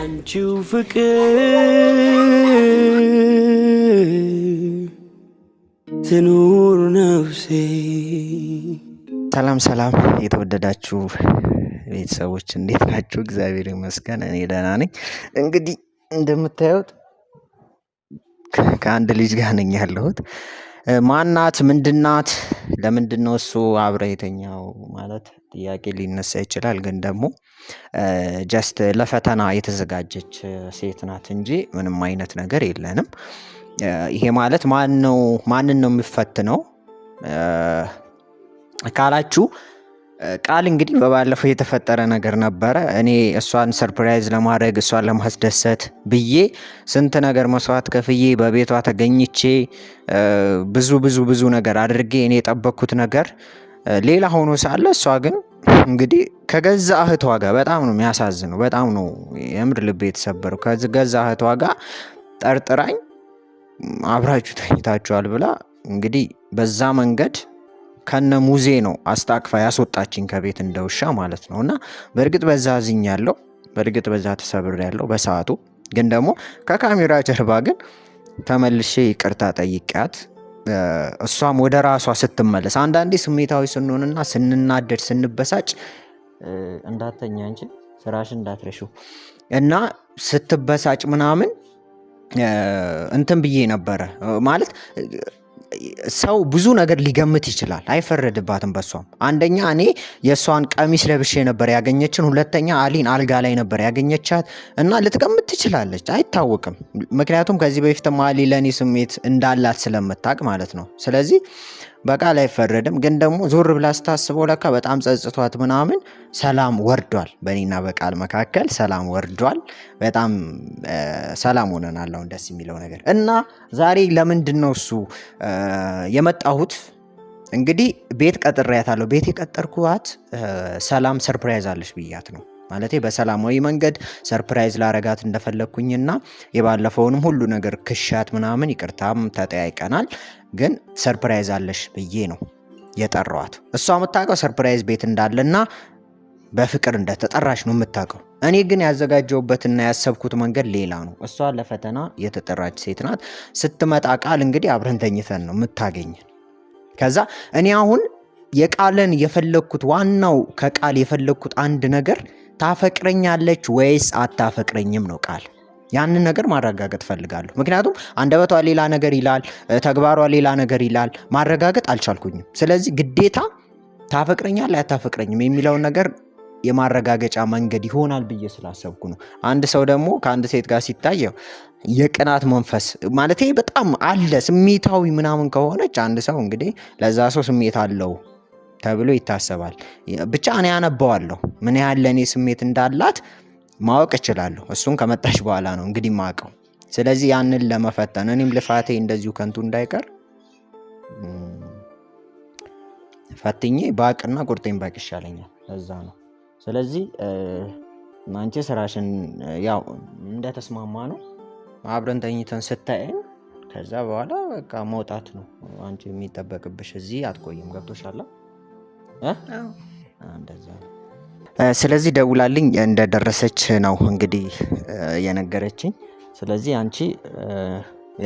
ያንቺው ፍቅር ትኑር ነፍሴ። ሰላም ሰላም፣ የተወደዳችሁ ቤተሰቦች እንዴት ናችሁ? እግዚአብሔር ይመስገን እኔ ደህና ነኝ። እንግዲህ እንደምታዩት ከአንድ ልጅ ጋር ነኝ ያለሁት ማናት ምንድናት ለምንድነው እሱ አብረህ የተኛው ማለት ጥያቄ ሊነሳ ይችላል። ግን ደግሞ ጀስት ለፈተና የተዘጋጀች ሴት ናት እንጂ ምንም አይነት ነገር የለንም። ይሄ ማለት ማነው ማንን ነው የሚፈትነው? ካላችሁ ቃል እንግዲህ በባለፈው የተፈጠረ ነገር ነበረ። እኔ እሷን ሰርፕራይዝ ለማድረግ እሷን ለማስደሰት ብዬ ስንት ነገር መስዋዕት ከፍዬ በቤቷ ተገኝቼ ብዙ ብዙ ብዙ ነገር አድርጌ እኔ የጠበኩት ነገር ሌላ ሆኖ ሳለ እሷ ግን እንግዲህ ከገዛ እህቷ ጋር በጣም ነው የሚያሳዝነው። በጣም ነው የምር ልብ የተሰበረው። ከገዛ እህቷ ጋር ጠርጥራኝ አብራችሁ ተኝታችኋል ብላ እንግዲህ በዛ መንገድ ከነ ሙዜ ነው አስታቅፋ ያስወጣችኝ ከቤት እንደውሻ ማለት ነው። እና በእርግጥ በዛ አዝኝ ያለው በእርግጥ በዛ ተሰብር ያለው በሰዓቱ ግን ደግሞ ከካሜራ ጀርባ ግን ተመልሼ ይቅርታ ጠይቂያት እሷም ወደ ራሷ ስትመለስ፣ አንዳንዴ ስሜታዊ ስንሆንና ስንናደድ ስንበሳጭ እንዳተኛ እንጂ ስራሽ እንዳትረሹ እና ስትበሳጭ ምናምን እንትን ብዬ ነበረ ማለት ሰው ብዙ ነገር ሊገምት ይችላል፣ አይፈረድባትም በሷም። አንደኛ እኔ የእሷን ቀሚስ ለብሼ ነበር ያገኘችን፣ ሁለተኛ አሊን አልጋ ላይ ነበር ያገኘቻት እና ልትገምት ትችላለች፣ አይታወቅም። ምክንያቱም ከዚህ በፊትም አሊ ለእኔ ስሜት እንዳላት ስለምታቅ ማለት ነው። ስለዚህ በቃል አይፈረድም። ግን ደግሞ ዞር ብላ ስታስበው ለካ በጣም ጸጽቷት ምናምን ሰላም ወርዷል። በእኔና በቃል መካከል ሰላም ወርዷል። በጣም ሰላም ሆነናል። አሁን ደስ የሚለው ነገር እና ዛሬ ለምንድን ነው እሱ የመጣሁት? እንግዲህ ቤት ቀጥሬያታለሁ። ቤት የቀጠርኳት ሰላም ሰርፕራይዝ አለች ብያት ነው። ማለት በሰላማዊ መንገድ ሰርፕራይዝ ላረጋት እንደፈለግኩኝና የባለፈውንም ሁሉ ነገር ክሻት ምናምን ይቅርታም ተጠያይቀናል። ግን ሰርፕራይዝ አለሽ ብዬ ነው የጠራዋት። እሷ የምታውቀው ሰርፕራይዝ ቤት እንዳለና በፍቅር እንደተጠራች ነው የምታውቀው። እኔ ግን ያዘጋጀውበትና ያሰብኩት መንገድ ሌላ ነው። እሷ ለፈተና የተጠራች ሴት ናት። ስትመጣ ቃል እንግዲህ አብረን ተኝተን ነው የምታገኝ። ከዛ እኔ አሁን የቃልን የፈለግኩት ዋናው ከቃል የፈለግኩት አንድ ነገር ታፈቅረኛለች ወይስ አታፈቅረኝም ነው ቃል። ያንን ነገር ማረጋገጥ ፈልጋለሁ። ምክንያቱም አንደበቷ ሌላ ነገር ይላል፣ ተግባሯ ሌላ ነገር ይላል። ማረጋገጥ አልቻልኩኝም። ስለዚህ ግዴታ ታፈቅረኛለች አታፈቅረኝም የሚለውን ነገር የማረጋገጫ መንገድ ይሆናል ብዬ ስላሰብኩ ነው። አንድ ሰው ደግሞ ከአንድ ሴት ጋር ሲታየው የቅናት መንፈስ ማለት በጣም አለ ስሜታዊ ምናምን ከሆነች አንድ ሰው እንግዲህ ለዛ ሰው ስሜት አለው ተብሎ ይታሰባል። ብቻ እኔ አነበዋለሁ ምን ያህል ለእኔ ስሜት እንዳላት ማወቅ እችላለሁ። እሱን ከመጣች በኋላ ነው እንግዲህ ማቀው ስለዚህ ያንን ለመፈተን እኔም ልፋቴ እንደዚሁ ከንቱ እንዳይቀር ፈትኜ ባቅና ቁርጤን በቅ ይሻለኛል። እዛ ነው። ስለዚህ አንቺ ስራሽን ያው እንደተስማማ ነው አብረን ተኝተን ስታይን ከዛ በኋላ በቃ መውጣት ነው አንቺ የሚጠበቅብሽ። እዚህ አትቆይም። ገብቶሻል? ስለዚህ ደውላልኝ እንደደረሰች ነው እንግዲህ የነገረችኝ። ስለዚህ አንቺ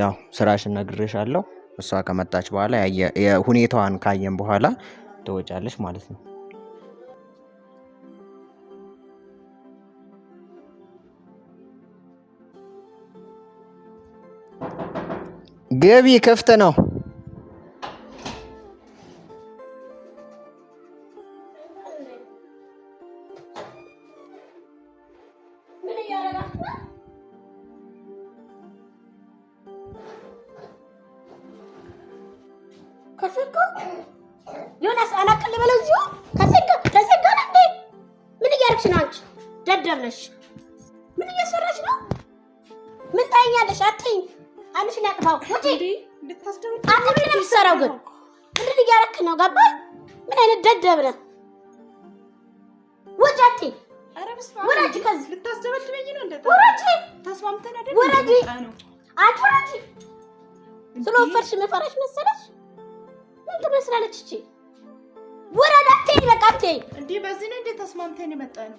ያው ስራሽን አለው እሷ ከመጣች በኋላ ሁኔታዋን ካየን በኋላ ትወጫለች ማለት ነው። ገቢ ክፍት ነው። አንተ ምንድን ነው የምትሰራው? ግን ምንድን እያደረክ ነው? ገባህ? ምን አይነት ደደብ ነህ? ወጃቴ ወረጅ፣ ከዚህ ልታስደበድበኝ አንቺ ወረጅ። ስለወፈርሽ መፈራሽ መሰለሽ? ምን ትመስላለች እቺ? ወረድ፣ አትሄድ፣ በቃ አትሄድ። እንዲህ በዚህ ነው እንዴ? ተስማምተን የመጣ ነው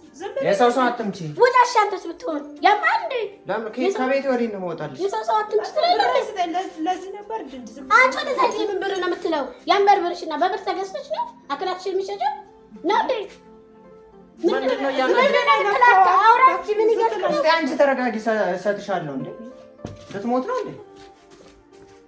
የሰው ሰው አትምጪ። ውጣ እሺ። አንተስ ብትሆን ያማንድ ከቤት ወሬ ነው የምወጣልሽ። የሰው ሰው አትምጪ ምን ብር ነው የምትለው? ያን እና በብር ተገዝተሽ ነው አክላትሽ የሚሸጨው ነው እንዴ? ምን ተረጋጊ፣ እሰጥሻለሁ። እንዴ ልትሞት ነው እንዴ?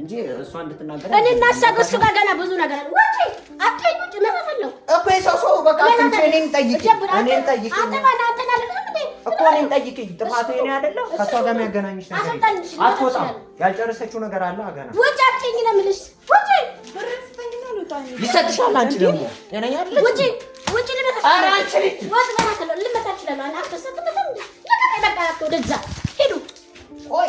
እንጂ እሷ እንድትናገር እኔ እና እሱ ጋር ገና ብዙ ነገር አለ። ወጪ አጥይ ወጪ ነው እኮ የሰው ሰው በቃ አንተ እኔን ጠይቂ፣ እኔን ጠይቂ፣ እኮ እኔን ጠይቂ። ጥፋቱ የኔ አይደለም። ከሷ ጋር የሚያገናኝሽ ነገር አትወጣም። ያልጨረሰችው ነገር አለ ገና። ወጪ አጥይኝ ነው የምልሽ። ወጪ ይሰጥሻል። አንቺ ደግሞ ጤነኛ አይደለሽ። ወጪ ወጪ ልመታሽ። ኧረ አንቺ ወጥ ልመታሽ፣ ልመታሽ ወደዛ ሄዱ ቆይ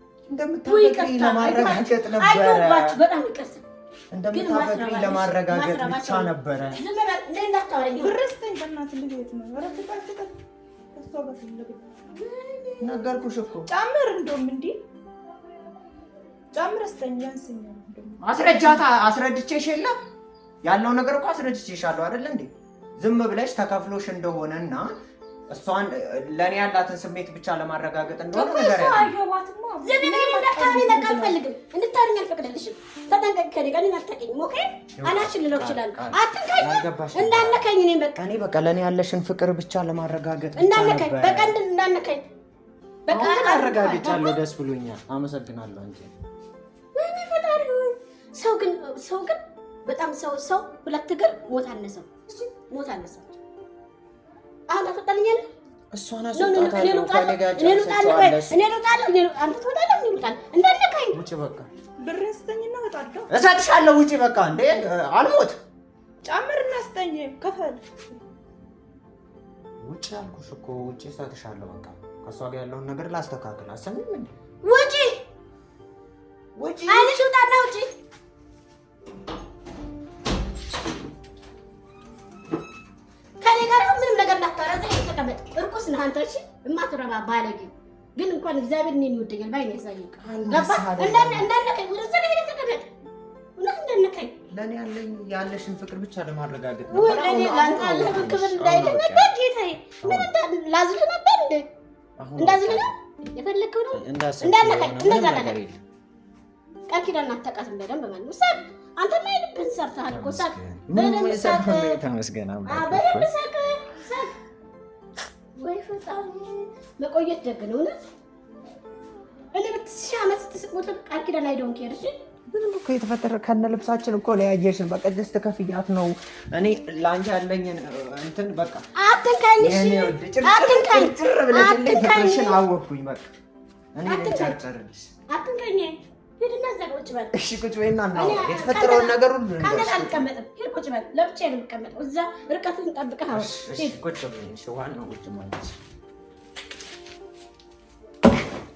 እንደምታፈቅሪ ለማረጋገጥ ነበረ። እንደምታፈቅሪ ለማረጋገጥ ብቻ ነበረ። ነገርኩሽ እኮ ጨምር፣ እንደውም እንዲህ ጨምር። አስረጃታ አስረድቼሽ የለም ያለው ነገር እኮ አስረድቼሻለሁ አይደለ እንዴ? ዝም ብለሽ ተከፍሎሽ እንደሆነና እሷን ለእኔ ያላትን ስሜት ብቻ ለማረጋገጥ እንደሆነ ነገር እኔ በቃ ለእኔ ያለሽን ፍቅር ብቻ ለማረጋገጥ አረጋግጫለሁ። ደስ ብሎኛል። አመሰግናለሁ። አንቺ ወይኔ ፈጣሪ። ሰው ግን ሰው ግን በጣም ሰው ሰው ሁለት እግር ሞት አነሰው ሞት አነሰው አሁን ታስወጣልኛለህ? እሷ ናት እሰጥሻለሁ። ውጪ በቃ እንደ አልሞት ክፈል። አልኩሽ እኮ እሰጥሻለሁ። በቃ ከእሷ ጋር ያለውን ነገር ላስተካክል። አሰሚም አንተ እሺ፣ ባለጌ ግን እንኳን እግዚአብሔር እኔን ይወደኛል ባይ ለእኔ ያለኝ ያለሽን ፍቅር ብቻ ለማረጋገጥ ነው። ለእኔ ለአንተ ያለህ ክብር እንዳይለ ነበር ጌታዬ። ምን ላዝልህ ነበር እንደ እንዳዝልህ የፈለግከው ነው። እንዳነቀኝ እንደዛ ነገር ቃል ኪዳን አታውቃትም በደንብ ማለት ነው። አንተማ የልብህን ሰርተሃል እኮ ሳቅ፣ በደንብ ሳቅ፣ በደንብ ሳቅ ወይ ፈጣሪ መቆየት ደግ ነው። እውነት እኔ ብትስሻ ዓመት ቃል ኪዳን ኬር እሺ ምንም እኮ የተፈጠረ ከነ ልብሳችን እኮ ለያየሽን በቃ ጀስት ከፍያት ነው። እኔ ለአንቺ ያለኝን እንትን በቃ አትንካኝ፣ አትንካኝ፣ አትንካኝ አወኩኝ። በቃ እኔ ጨርጨርልሽ አትንካኝ እሺ ቁጭ በይ እና እናውራ። የተፈጠረውን ነገር ሁሉ ቁጭ ነው እዛ ርቀቱን ቁጭ ቁጭ ማለት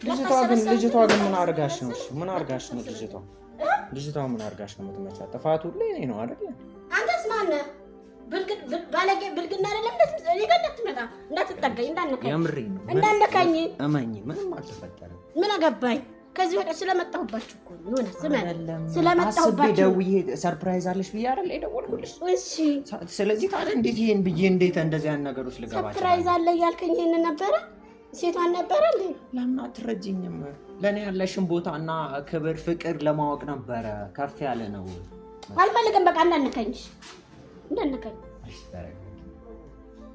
ልጅቷ ግን ግን ምን አድርጋሽ ነው? እሺ ምን አድርጋሽ ነው? ልጅቷ ልጅቷ ምን አድርጋሽ ነው የምትመቻት? ጥፋቱ ሁሉ እኔ ነው አይደል? አንተስ ማን ባለጌ ብልግና አይደለም እኔ እንዳትጠጋኝ፣ እንዳነካኝ፣ ምንም አልተፈጠረም። ምን አገባኝ ከዚህ ወደ ስለመጣሁባችሁ እኮ ነው። ዮናስ ስም ስለመጣሁባችሁ ደውዬ ሰርፕራይዝ አለሽ ብዬ አይደል የደወልኩልሽ? እሺ። ስለዚህ ታዲያ እንዴት ይሄን ብዬ እንዴት እንደዚህ አይነት ነገር ውስጥ ልገባ ሰርፕራይዝ አለ እያልከኝ ይሄን ነበረ ሴቷን ነበረ እንዴ? ለምን አትረጅኝም? ለእኔ ያለሽን ቦታና ክብር፣ ፍቅር ለማወቅ ነበረ። ከፍ ያለ ነው። አልፈልግም። በቃ እንዳነካኝሽ፣ እንዳነካኝ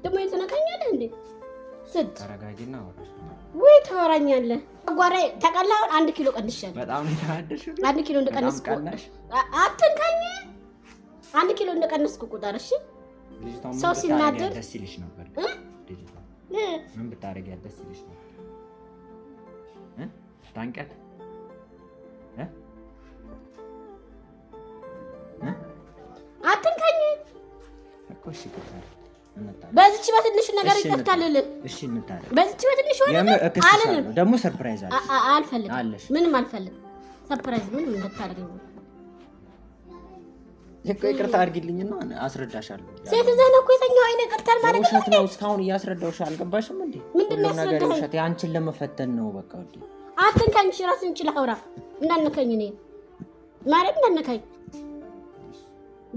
ደግሞ የተነካኛለ እንዴ ስድ ተረጋጊና ወራሽ ወይ ታወራኛለህ። አጓራ ተቀላሁን አንድ ኪሎ ቀንሻለሁ። በጣም ነው የተናደድሽው። አንድ ኪሎ እንደቀነስኩ አትንካኝ። አንድ ኪሎ እንደቀነስኩ ቁጠር። እሺ ሰው ሲናደር ደስ ይልሽ ነበር። ምን ብታረጊያት ደስ ይልሽ ነበር? ታንቀት አትንካኝ እኮ እሺ በዚች በትንሽ ነገር ይቀርታልል። እሺ እንታረቅ። በዚች በትንሽ ወይንም አልልም። ደግሞ ሰርፕራይዝ አለ። አልፈልግም፣ ምንም አልፈልግም። ሰርፕራይዝ ምንም እንድታደርገኝ እኮ ይቅርታ አድርጊልኝና አስረዳሻለሁ። ሴት ዘህ እኮ የተኛው። አይነ ይቅርታል ማለት ውሸት ነው። እስካሁን እያስረዳሁሽ አልገባሽም እንዴ? ምንድን ነው ነገር ውሸት፣ የአንቺን ለመፈተን ነው። በቃ ውዴ፣ አትንካኝ። እሺ ራስን ችላ አውራ። እንዳነካኝ እኔ ማርያም እንዳነካኝ።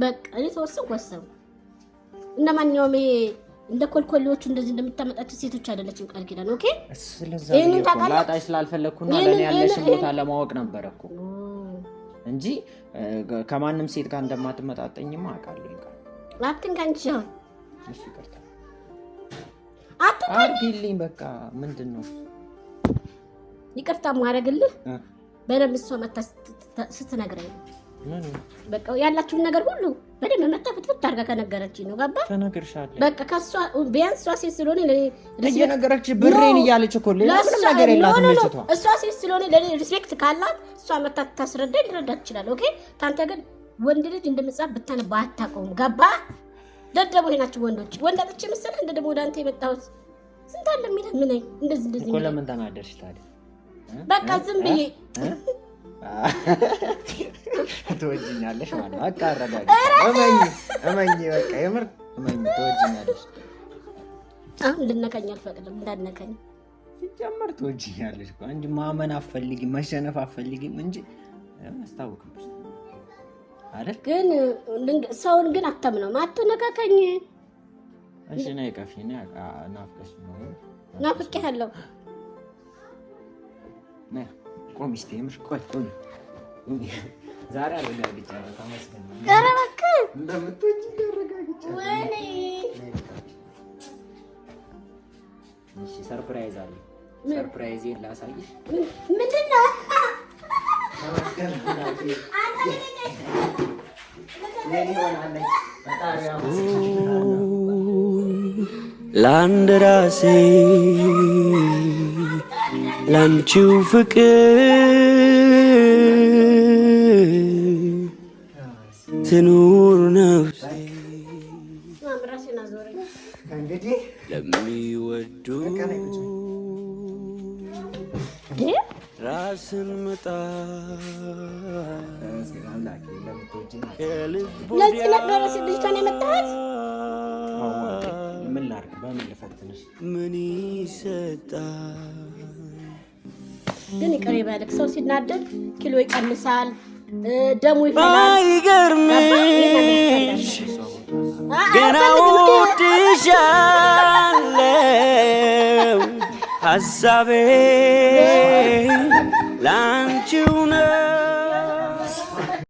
በቃ እኔ ተወሰንኩ ወሰንኩ እንደ ማንኛውም እንደ ኮልኮሌዎቹ እንደዚህ እንደምታመጣቸው ሴቶች አይደለችም ቃል ኪዳን። ኦኬ ስለዛላጣሽ ስላልፈለግኩና ለእኔ ያለሽን ቦታ ለማወቅ ነበረ እኮ እንጂ ከማንም ሴት ጋር እንደማትመጣጠኝማ አውቃለሁ። አትንካንቺ አርግልኝ በቃ ምንድን ነው ይቅርታ ማድረግልህ በደንብ እሷ መታ ስትነግረኝ በቃ ያላችሁን ነገር ሁሉ በደንብ መጣ ፍትፍት አድርጋ ከነገረችኝ ነው። ገባ ተነግርሻለሁ። በቃ ከሷ ቢያንስ እሷ ሴት ስለሆነ እየነገረች ብሬን እያለች እኮ ሌላ ምንም ነገር የላትም። እሷ ሴት ስለሆነ ለኔ ሪስፔክት ካላት እሷ መታ ታስረዳኝ ልረዳ ትችላለህ። ኦኬ ታንተ ግን ወንድ ልጅ እንደመጽሐፍ ብታነባ አታውቀውም። ገባ ደደቦ ናቸው ወንዶች። ወንድ አጥቼ መሰለህ እንደ ደግሞ ወደ አንተ የመጣሁት ስንት አለ የሚለኝ ምን እንደዚህ እንደዚህ። ለምን ተናደድሽ ታዲያ? በቃ ዝም ብዬ ትወጅኛለሽ ማለት ነው። በቃ አረጋጊ። እመኝ እመኝ፣ በቃ የምር እመኝ፣ ትወጅኛለሽ። አሁን ልነካኝ አልፈቅድም፣ እንዳነካኝ ሲጀመር ትወጂኛለሽ እንጂ ማመን አፈልጊም፣ መሸነፍ አፈልጊም እንጂ አስታውቅም አይደል? ግን ሰውን ግን አታምነውም። አትነካከኝ። እሺ ነይ ቀፊ፣ ናፍቀሽ ናፍቄያለሁ። ቆም እስኪ የምር ቆይ ዛሬ አረጋግጫለሁ። ተመስገን እሺ ሰርፕራይዝ አለ። ላሳይሽ። ምንድን ነው? ለአንድ ራሴ ላንቺው ፍቅር ትኑር ነፍሴ ለሚወዱ ራስን መጣል ለዚህ ነበረ ልጅቷን የመጣት ምን ይሰጣል ግን ይቅር ይበልክ። ሰው ሲናደድ ኪሎ ይቀንሳል፣ ደሙ ይፈላል። አይገርምሽ ገና ውድሻለው ሀሳቤ ላንቺው ነው